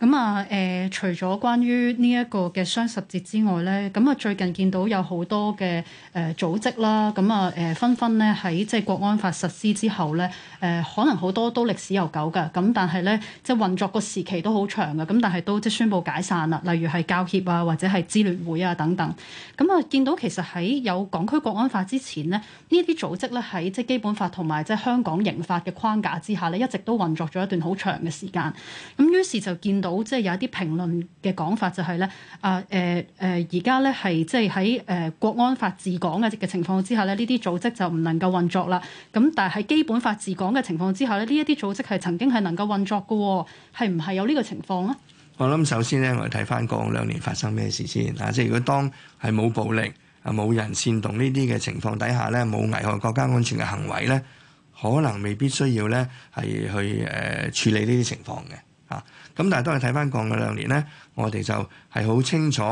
咁啊誒，除咗關於呢一個嘅雙十節之外咧，咁、嗯、啊最近見到有好多嘅誒、呃、組織啦，咁啊誒紛紛咧喺即係國安法實施之後咧，誒、呃、可能好多都歷史悠久嘅，咁、嗯、但係咧即係運作個時期都好長嘅，咁但係都即宣布解散啦，例如係教協啊，或者係支聯會啊等等。咁、嗯、啊、嗯、見到其實喺有港區國安法之前咧，呢啲組織咧喺即係基本法同埋即係香港刑法嘅框架之下咧，一直都運作咗一段好長嘅時間。咁、嗯、於是就見到即係有一啲評論嘅講法，就係啊呃呃，就係咧啊誒誒，而家咧係即係喺誒國安法治港嘅情況之下咧，呢啲組織就唔能夠運作啦。咁但係喺基本法治港嘅情況之下咧，呢一啲組織係曾經係能夠運作嘅，係唔係有呢個情況啊？我諗首先咧，我哋睇翻過去兩年發生咩事先嗱。即係如果當係冇暴力、冇人煽動呢啲嘅情況底下咧，冇危害國家安全嘅行為咧，可能未必需要咧係去誒處理呢啲情況嘅啊。咁但係都係睇翻過去兩年咧，我哋就係好清楚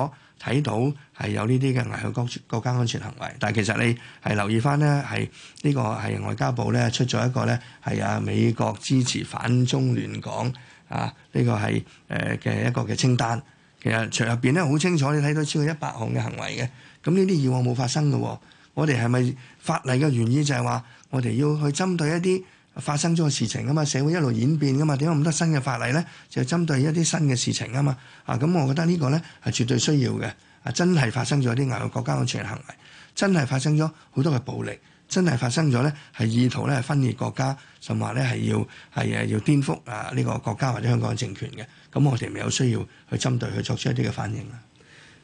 睇到係有呢啲嘅危害國國家安全行為。但係其實你係留意翻咧，係呢個係外交部咧出咗一個咧係啊美國支持反中亂港啊呢個係誒嘅一個嘅清單。其實除入邊咧好清楚，你睇到超過一百項嘅行為嘅。咁呢啲以往冇發生嘅，我哋係咪法例嘅原意就係話我哋要去針對一啲？發生咗個事情啊嘛，社會一路演變噶嘛，點解咁多新嘅法例呢？就係針對一啲新嘅事情啊嘛。啊，咁我覺得呢個呢，係絕對需要嘅。啊，真係發生咗啲危害國家安全嘅行為，真係發生咗好多嘅暴力，真係發生咗呢，係意圖呢，係分裂國家，甚或呢，係要係誒要顛覆啊呢個國家或者香港政權嘅。咁，啊，我哋咪有需要去針對去作出一啲嘅反應啦。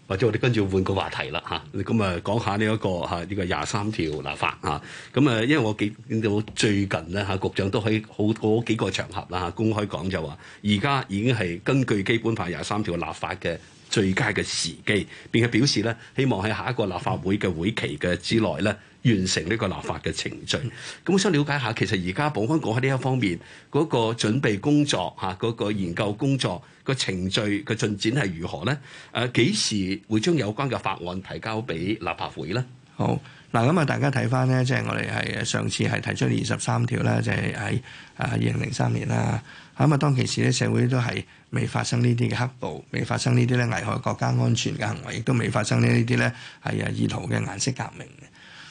或者我哋跟住換個話題啦嚇，咁啊講下呢、這、一個嚇呢、啊這個廿三條立法啊，咁啊因為我記到最近咧嚇、啊、局長都喺好嗰幾個場合啦嚇、啊、公開講就話，而家已經係根據基本法廿三條立法嘅最佳嘅時機，並且表示咧希望喺下一個立法會嘅會期嘅之內咧，完成呢個立法嘅程序，咁我想了解下，其實而家保安局喺呢一方面嗰個準備工作嚇，啊嗰個研究工作個程序嘅進展係如何咧？誒、啊、幾時會將有關嘅法案提交俾立法會咧？好嗱，咁啊，大家睇翻咧，即係我哋係上次係提出二十三條啦，就係喺啊二零零三年啦。咁啊，當其時咧，社會都係未發生呢啲嘅黑暴，未發生呢啲咧危害國家安全嘅行為，亦都未發生呢呢啲咧係啊意圖嘅顏色革命。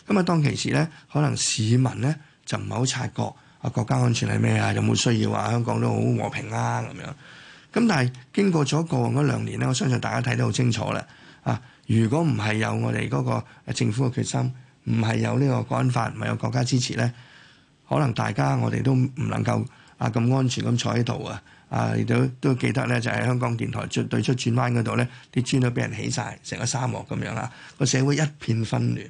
咁啊！當其時咧，可能市民咧就唔係好察覺啊。國家安全係咩啊？有冇需要啊？香港都好和平啊，咁樣。咁但係經過咗過往嗰兩年咧，我相信大家睇得好清楚啦。啊，如果唔係有我哋嗰個政府嘅決心，唔係有呢個國安法，唔係有國家支持咧，可能大家我哋都唔能夠啊咁安全咁坐喺度啊。啊，亦都都記得咧，就係香港電台對出轉彎嗰度咧，啲磚都俾人起晒，成個沙漠咁樣啦，個社會一片紛亂。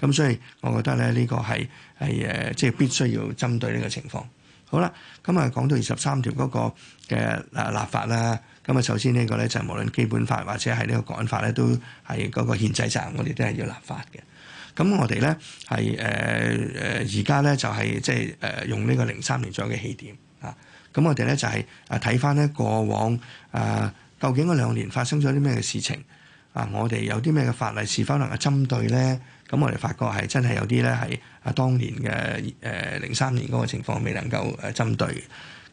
咁所以，我覺得咧，呢個係係誒，即係必須要針對呢個情況好。好啦，咁啊，講到二十三條嗰個嘅立法啦，咁啊，首先呢個咧就無論基本法或者係呢個國安法咧，都係嗰個憲制責任，我哋都係要立法嘅。咁我哋咧係誒誒，而家咧就係即係誒用呢個零三年左右嘅起點啊。咁我哋咧就係啊睇翻咧過往啊，究竟嗰兩年發生咗啲咩嘅事情啊？我哋有啲咩嘅法例是否能夠針對咧？咁、嗯、我哋發覺係真係有啲咧係啊，當年嘅誒零三年嗰個情況未能夠誒針對。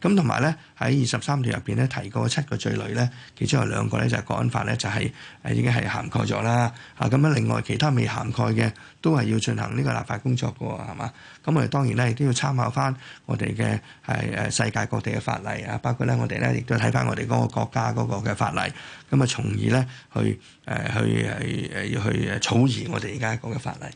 咁同埋咧喺二十三條入邊咧提過七個罪類咧，其中有兩個咧就係、是、國安法咧就係、是、誒、啊、已經係涵蓋咗啦，啊咁樣另外其他未涵蓋嘅都係要進行呢個立法工作嘅係嘛？咁、啊、我哋當然咧亦都要參考翻我哋嘅係誒世界各地嘅法例啊，包括咧我哋咧亦都睇翻我哋嗰個國家嗰個嘅法例，咁啊從而咧去誒、啊、去誒誒、啊、要去誒草擬我哋而家講嘅法例。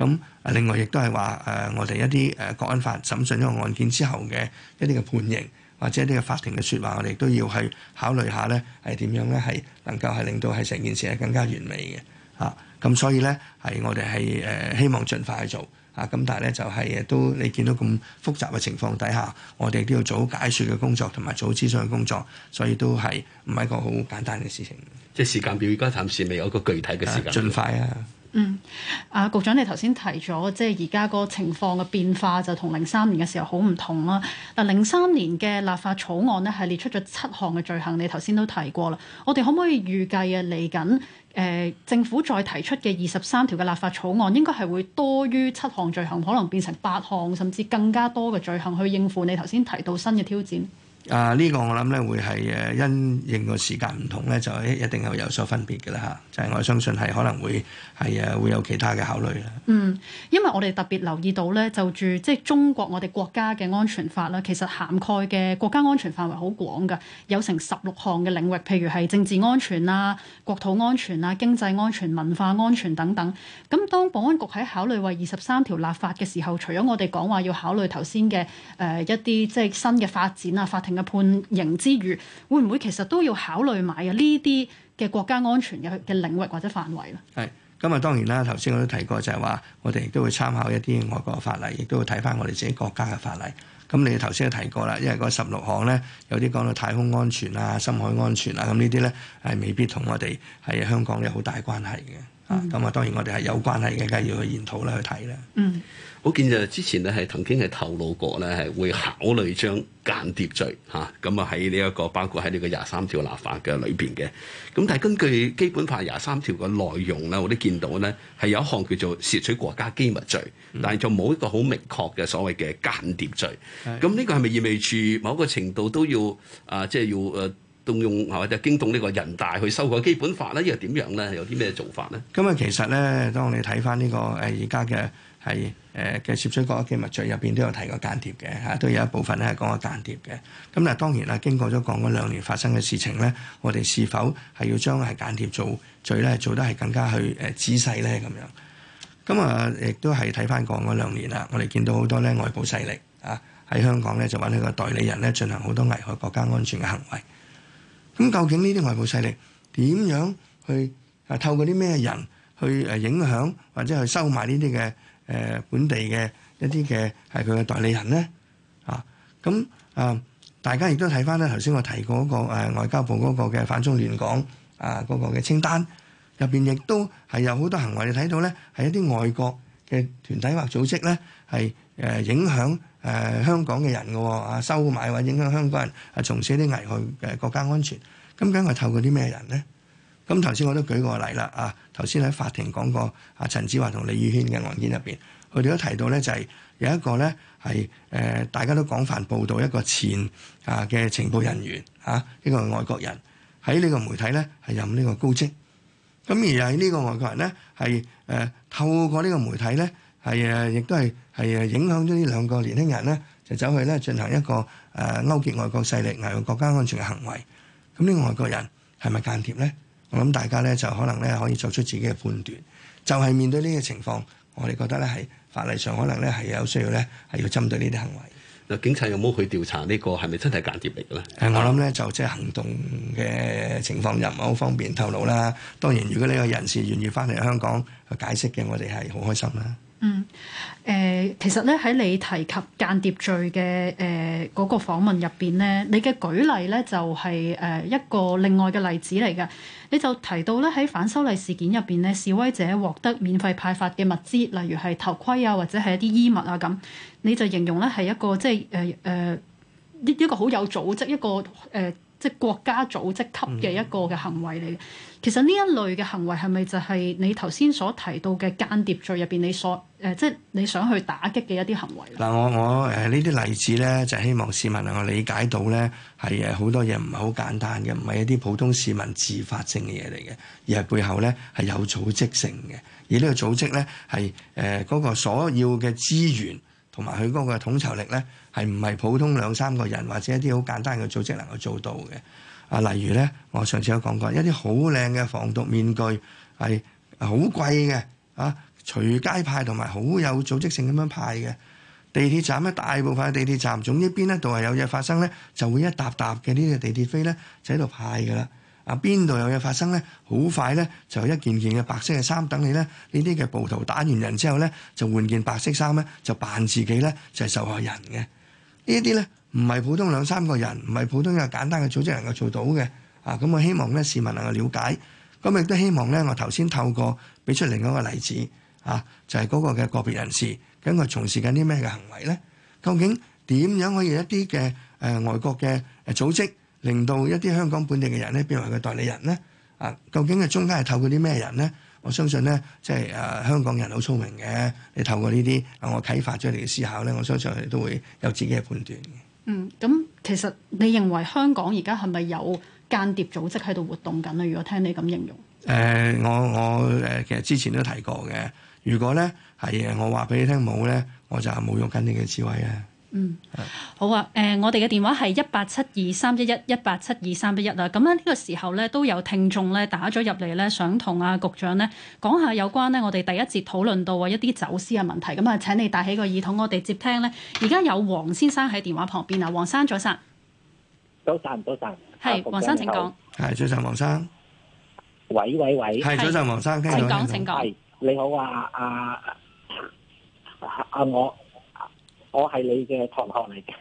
咁誒，另外亦都係話誒，我哋一啲誒國安法審訊呢個案件之後嘅一啲嘅判刑或者一啲嘅法庭嘅説話，我哋都要去考慮下咧，係點樣咧，係能夠係令到係成件事係更加完美嘅嚇。咁所以咧，係我哋係誒希望盡快去做嚇。咁但係咧，就係都你見到咁複雜嘅情況底下，我哋都要做解説嘅工作同埋做諮詢嘅工作，所以都係唔係一個好簡單嘅事情。即係時間表，而家暫時未有個具體嘅時間。盡快啊！嗯，阿、啊、局長，你頭先提咗，即係而家個情況嘅變化就同零三年嘅時候好唔同啦。但零三年嘅立法草案咧係列出咗七項嘅罪行，你頭先都提過啦。我哋可唔可以預計啊？嚟緊誒政府再提出嘅二十三條嘅立法草案，應該係會多於七項罪行，可能變成八項甚至更加多嘅罪行去應付你頭先提到新嘅挑戰。啊！呢、呢個我諗咧會係誒因應個時間唔同咧，就一定係有所分別嘅啦嚇。就係、是、我相信係可能會係誒、啊、會有其他嘅考慮嘅。嗯，因為我哋特別留意到咧，就住即係中國我哋國家嘅安全法啦，其實涵蓋嘅國家安全範圍好廣噶，有成十六項嘅領域，譬如係政治安全啊、國土安全啊、經濟安全、文化安全等等。咁當保安局喺考慮為二十三條立法嘅時候，除咗我哋講話要考慮頭先嘅誒一啲即係新嘅發展啊、法庭嘅判刑之餘，會唔會其實都要考慮埋啊？呢啲嘅國家安全嘅嘅領域或者範圍咧？係咁啊！當然啦，頭先我都提過，就係、是、話我哋亦都會參考一啲外國法例，亦都會睇翻我哋自己國家嘅法例。咁你頭先都提過啦，因為嗰十六項咧，有啲講到太空安全啊、深海安全啊，咁呢啲咧係未必同我哋喺香港有好大關係嘅啊。咁啊、嗯，當然我哋係有關係嘅，梗係要去研討啦、去睇啦。嗯。我見就之前咧係曾經係透露過咧係會考慮將間諜罪嚇，咁啊喺呢一個包括喺呢個廿三條立法嘅裏邊嘅，咁但係根據基本法廿三條嘅內容啦，我都見到咧係有一項叫做竊取國家機密罪，但係就冇一個好明確嘅所謂嘅間諜罪，咁呢個係咪意味住某個程度都要啊、呃、即係要誒？呃用或者驚動用啊，就驚動呢個人大去修改基本法咧，又點樣咧？有啲咩做法咧？咁啊，其實咧，當你睇翻呢個誒，而家嘅係誒嘅攝取國家機密罪入邊都有提過間諜嘅吓，都有一部分咧係講過間諜嘅。咁啊，當然啦，經過咗講嗰兩年發生嘅事情咧，我哋是否係要將係間諜做罪咧，做得係更加去誒、呃、仔細咧？咁樣，咁啊，亦都係睇翻講嗰兩年啦，我哋見到好多咧外部勢力啊喺香港咧就揾呢個代理人咧進行好多危害國家安全嘅行為。咁究竟呢啲外部勢力點樣去啊？透過啲咩人去誒影響或者去收買呢啲嘅誒本地嘅一啲嘅係佢嘅代理人咧？啊，咁啊，大家亦都睇翻咧頭先我提過嗰個誒外交部嗰個嘅反中亂港啊嗰個嘅清單入邊，亦都係有好多行為，你睇到咧係一啲外國嘅團體或組織咧係誒影響。誒、呃、香港嘅人嘅喎，啊收買或者影響香港人，啊從事啲危害誒國家安全，咁梗係透過啲咩人咧？咁頭先我都舉過例啦，啊頭先喺法庭講過，啊陳子華同李宇軒嘅案件入邊，佢哋都提到咧就係、是、有一個咧係誒大家都廣泛報導一個前啊嘅情報人員啊呢個外國人喺呢個媒體咧係任呢個高職，咁、啊、而係呢個外國人咧係誒透過呢個媒體咧。係啊，亦都係係、啊、影響咗呢兩個年輕人咧，就走去咧進行一個誒、呃、勾結外國勢力危害國家安全嘅行為。咁、嗯、呢、這個外國人係咪間諜咧？我諗大家咧就可能咧可以作出自己嘅判斷。就係、是、面對呢個情況，我哋覺得咧係法例上可能咧係有需要咧係要針對呢啲行為。嗱，警察有冇去調查、這個、是是呢個係咪真係間諜嚟嘅咧？誒、嗯，我諗咧就即係行動嘅情況又唔係好方便透露啦。當然，如果呢個人士願意翻嚟香港去解釋嘅，我哋係好開心啦。嗯，誒、呃，其實咧喺你提及間諜罪嘅誒嗰個訪問入邊咧，你嘅舉例咧就係誒一個另外嘅例子嚟嘅。你就提到咧喺反修例事件入邊咧，示威者獲得免費派發嘅物資，例如係頭盔啊，或者係一啲衣物啊咁。你就形容咧係一個即係誒誒一一個好有組織一個誒。呃即係國家組織級嘅一個嘅行為嚟嘅，其實呢一類嘅行為係咪就係你頭先所提到嘅間諜罪入邊你所誒、呃，即係你想去打擊嘅一啲行為？嗱，我我誒呢啲例子咧，就係，希望市民能夠理解到咧，係誒好多嘢唔係好簡單嘅，唔係一啲普通市民自發性嘅嘢嚟嘅，而係背後咧係有組織性嘅，而呢個組織咧係誒嗰個所要嘅資源同埋佢嗰個統籌力咧。係唔係普通兩三個人或者一啲好簡單嘅組織能夠做到嘅？啊，例如咧，我上次有講過，一啲好靚嘅防毒面具係好貴嘅，啊，隨街派同埋好有組織性咁樣派嘅。地鐵站咧，大部分嘅地鐵站，總之邊一度係有嘢發生咧，就會一沓沓嘅呢啲地鐵飛咧，就喺度派㗎啦。啊，邊度有嘢發生咧，好快咧就一件件嘅白色嘅衫等你咧，呢啲嘅暴徒打完人之後咧，就換件白色衫咧，就扮自己咧就係受害人嘅。呢一啲咧，唔係普通兩三個人，唔係普通一個簡單嘅組織能夠做到嘅。啊，咁我希望咧，市民能夠了解，咁亦都希望咧，我頭先透過俾出另一個例子，啊，就係、是、嗰個嘅個別人士，咁佢從事緊啲咩嘅行為咧？究竟點樣可以一啲嘅誒外國嘅組織，令到一啲香港本地嘅人咧，變為佢代理人咧？啊，究竟嘅中間係透過啲咩人咧？我相信咧，即係誒、呃、香港人好聰明嘅。你透過呢啲、呃、我啟發咗你嘅思考咧，我相信佢哋都會有自己嘅判斷嘅、嗯。嗯，咁其實你認為香港而家係咪有間諜組織喺度活動緊咧？如果聽你咁形容，誒、呃，我我誒、呃、其實之前都提過嘅。如果咧係，我話俾你聽冇咧，我就侮辱緊你嘅智慧啊！嗯，是好啊，誒、呃，我哋嘅電話係一八七二三一一一八七二三一一啊。咁喺呢個時候咧，都有聽眾咧打咗入嚟咧，想同阿局長咧講下有關呢我哋第一節討論到啊一啲走私嘅問題。咁、嗯、啊，請你帶起個耳筒，我哋接聽咧。而家有黃先生喺電話旁邊啊，黃生早晨。早晨早晨，係黃生請講。係早晨黃生，喂喂喂，係早晨黃生，聽請講請講。你好啊啊啊我。我係你嘅同學嚟嘅，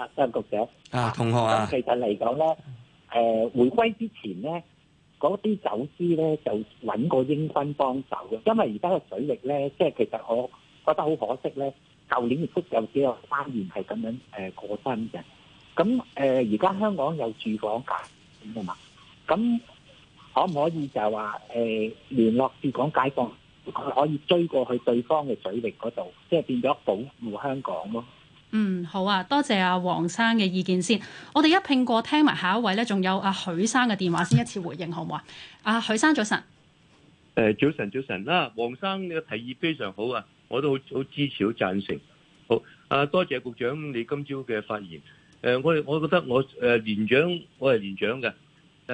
啊，鄧局長，啊，同學啊，其實嚟講咧，誒，回歸之前咧，嗰啲走私咧就揾過英軍幫手嘅，因為而家嘅水域咧，即係其實我覺得好可惜咧，舊年亦都有幾個沙展係咁樣誒過身嘅，咁誒而家香港有駐港解放軍，明嘛？咁可唔可以就係話誒聯絡駐港解放軍？佢可以追過去對方嘅水域嗰度，即係變咗保護香港咯。嗯，好啊，多謝阿黃生嘅意見先。我哋一拼過聽埋下一位咧，仲有阿、啊、許生嘅電話先一次回應，好唔好啊？阿許生早晨。誒早晨早晨啦，黃、啊、生你嘅提議非常好啊，我都好好支持好贊成。好啊，多謝局長你今朝嘅發言。誒、啊，我我覺得我誒連、啊、長，我係連長嘅。誒、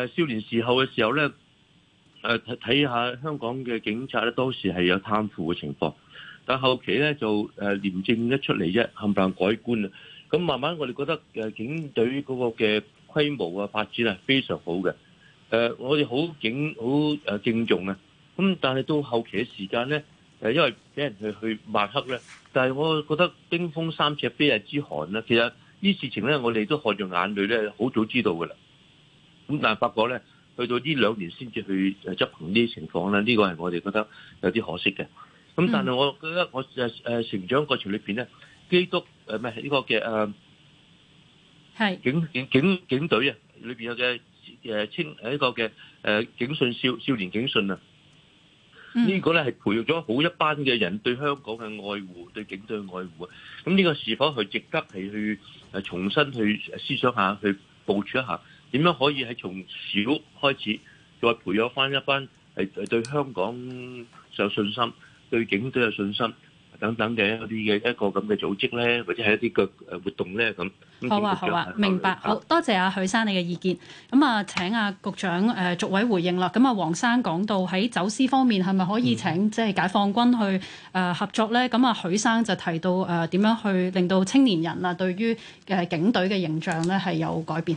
啊，少年時候嘅時候咧。誒睇睇下香港嘅警察咧，當時係有貪腐嘅情況，但後期咧就誒廉政一出嚟啫，冚唪唥改觀啦。咁慢慢我哋覺得誒警隊嗰個嘅規模啊發展係非常好嘅。誒我哋好警好誒敬重啊。咁但係到後期嘅時間咧，誒因為俾人去去抹黑咧，但係我覺得冰封三尺非一日之寒啦。其實呢事情咧，我哋都看著眼淚咧，好早知道嘅啦。咁但係發覺咧。去到呢兩年先至去執行呢啲情況咧，呢、這個係我哋覺得有啲可惜嘅。咁、嗯、但係我覺得我誒誒成長過程裏邊咧，基督誒唔係呢個嘅誒，係、呃、是警警警警隊啊，裏邊有嘅誒青係一個嘅誒、呃、警訊少少年警訊啊。嗯、個呢個咧係培育咗好一班嘅人對香港嘅愛護，對警隊嘅愛護啊。咁、嗯、呢、這個是否係值得係去誒重新去思想下去部署一下？點樣可以係從小開始，再培養翻一班係對香港有信心、對警隊有信心等等嘅一啲嘅一個咁嘅組織咧，或者係一啲嘅誒活動咧咁。好啊，好啊，明白，好多謝阿、啊、許生你嘅意見。咁啊，請阿、啊、局長誒逐位回應啦。咁啊，黃生講到喺走私方面係咪可以請即係解放軍去誒、呃、合作咧？咁啊，許生就提到誒點、呃、樣去令到青年人啊對於誒警隊嘅形象咧係有改變。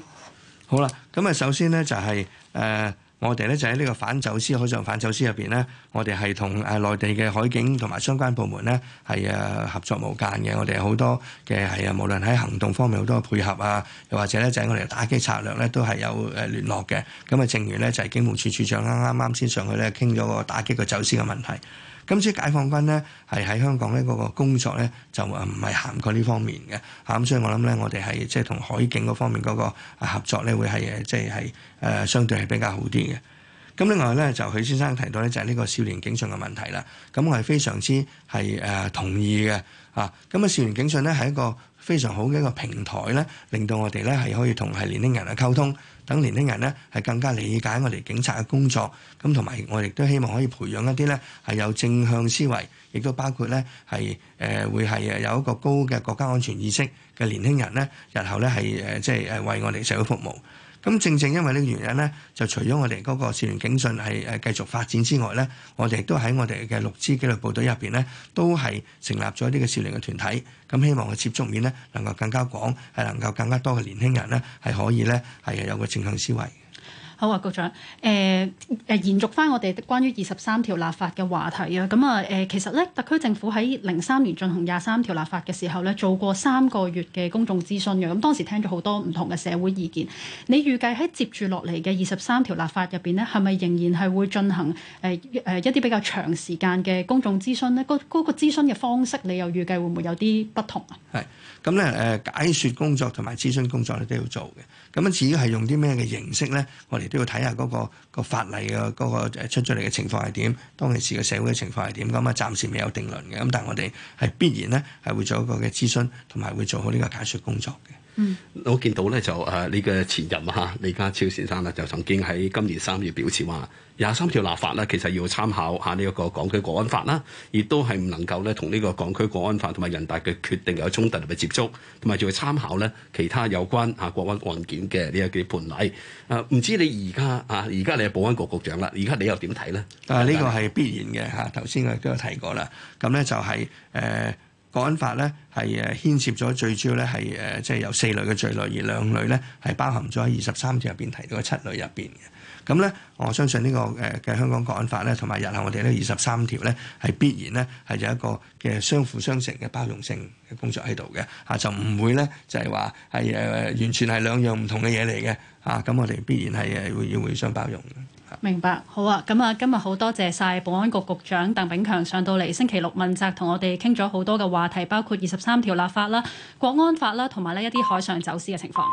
好啦，咁啊，首先咧就係、是、誒、呃，我哋咧就喺呢個反走私海上反走私入邊咧，我哋係同誒內地嘅海警同埋相關部門咧係誒合作無間嘅。我哋好多嘅係啊，無論喺行動方面好多配合啊，又或者咧就係我哋打擊策略咧都係有誒聯絡嘅。咁啊，正如咧就係警務處處長啱啱啱先上去咧傾咗個打擊個走私嘅問題。咁所以解放軍咧係喺香港咧嗰個工作咧就唔係涵蓋呢方面嘅嚇，咁所以我諗咧我哋係即係同海警嗰方面嗰個合作咧會係即係誒、呃、相對係比較好啲嘅。咁另外咧就許先生提到咧就係呢個少年警訊嘅問題啦。咁我係非常之係誒、呃、同意嘅嚇。咁啊少年警訊咧係一個非常好嘅一個平台咧，令到我哋咧係可以同係年輕人去溝通。等年輕人咧係更加理解我哋警察嘅工作，咁同埋我亦都希望可以培養一啲咧係有正向思維，亦都包括咧係誒會係有一個高嘅國家安全意識嘅年輕人咧，日後咧係誒即係為我哋社會服務。咁正正因為呢個原因咧，就除咗我哋嗰個少年警訊係誒繼續發展之外咧，我哋亦都喺我哋嘅六支紀律部隊入面咧，都係成立咗呢個少年嘅團體。咁希望嘅接觸面咧，能夠更加廣，係能夠更加多嘅年輕人咧，係可以咧係有個正向思維。好啊，局長，誒、呃、誒，延續翻我哋關於二十三條立法嘅話題啊，咁啊，誒，其實咧，特區政府喺零三年進行廿三條立法嘅時候咧，做過三個月嘅公眾諮詢嘅，咁當時聽咗好多唔同嘅社會意見。你預計喺接住落嚟嘅二十三條立法入邊咧，係咪仍然係會進行誒誒、呃呃、一啲比較長時間嘅公眾諮詢咧？嗰、那、嗰個諮詢嘅方式，你又預計會唔會有啲不同啊？係，咁咧誒，解説工作同埋諮詢工作你都要做嘅，咁啊至於係用啲咩嘅形式咧，我哋。要睇下嗰個個法例嘅嗰個出出嚟嘅情況係點，當其時嘅社會嘅情況係點，咁啊暫時未有定論嘅。咁但係我哋係必然咧，係會做一個嘅諮詢，同埋會做好呢個解說工作嘅。嗯，我見到咧就誒、啊，你嘅前任啊李家超先生咧就曾經喺今年三月表示話，廿三條立法咧其實要參考嚇呢、啊呢個《港區國安法》啦、啊，亦都係唔能夠咧同呢個《港區國安法》同埋人大嘅決定有衝突同埋接觸，同埋仲要參考咧其他有關嚇、啊、國安案件嘅呢一啲判例。啊，唔知你而家啊，而家你係保安局局長啦，而家你又點睇咧？啊，呢個係必然嘅嚇，頭先我都有提過啦。咁咧就係、是、誒。啊國安法咧係誒牽涉咗，最主要咧係誒即係有四類嘅罪類，而兩類咧係包含咗喺二十三條入邊提到嘅七類入邊嘅。咁咧，我相信呢個誒嘅香港國安法咧，同埋日後我哋咧二十三條咧係必然咧係有一個嘅相輔相成嘅包容性嘅工作喺度嘅嚇，就唔會咧就係話係誒完全係兩樣唔同嘅嘢嚟嘅嚇。咁我哋必然係誒會要互相包容。明白，好啊！咁啊，今日好多謝晒保安局局長鄧炳強上到嚟星期六問責，同我哋傾咗好多嘅話題，包括二十三條立法啦、國安法啦，同埋呢一啲海上走私嘅情況。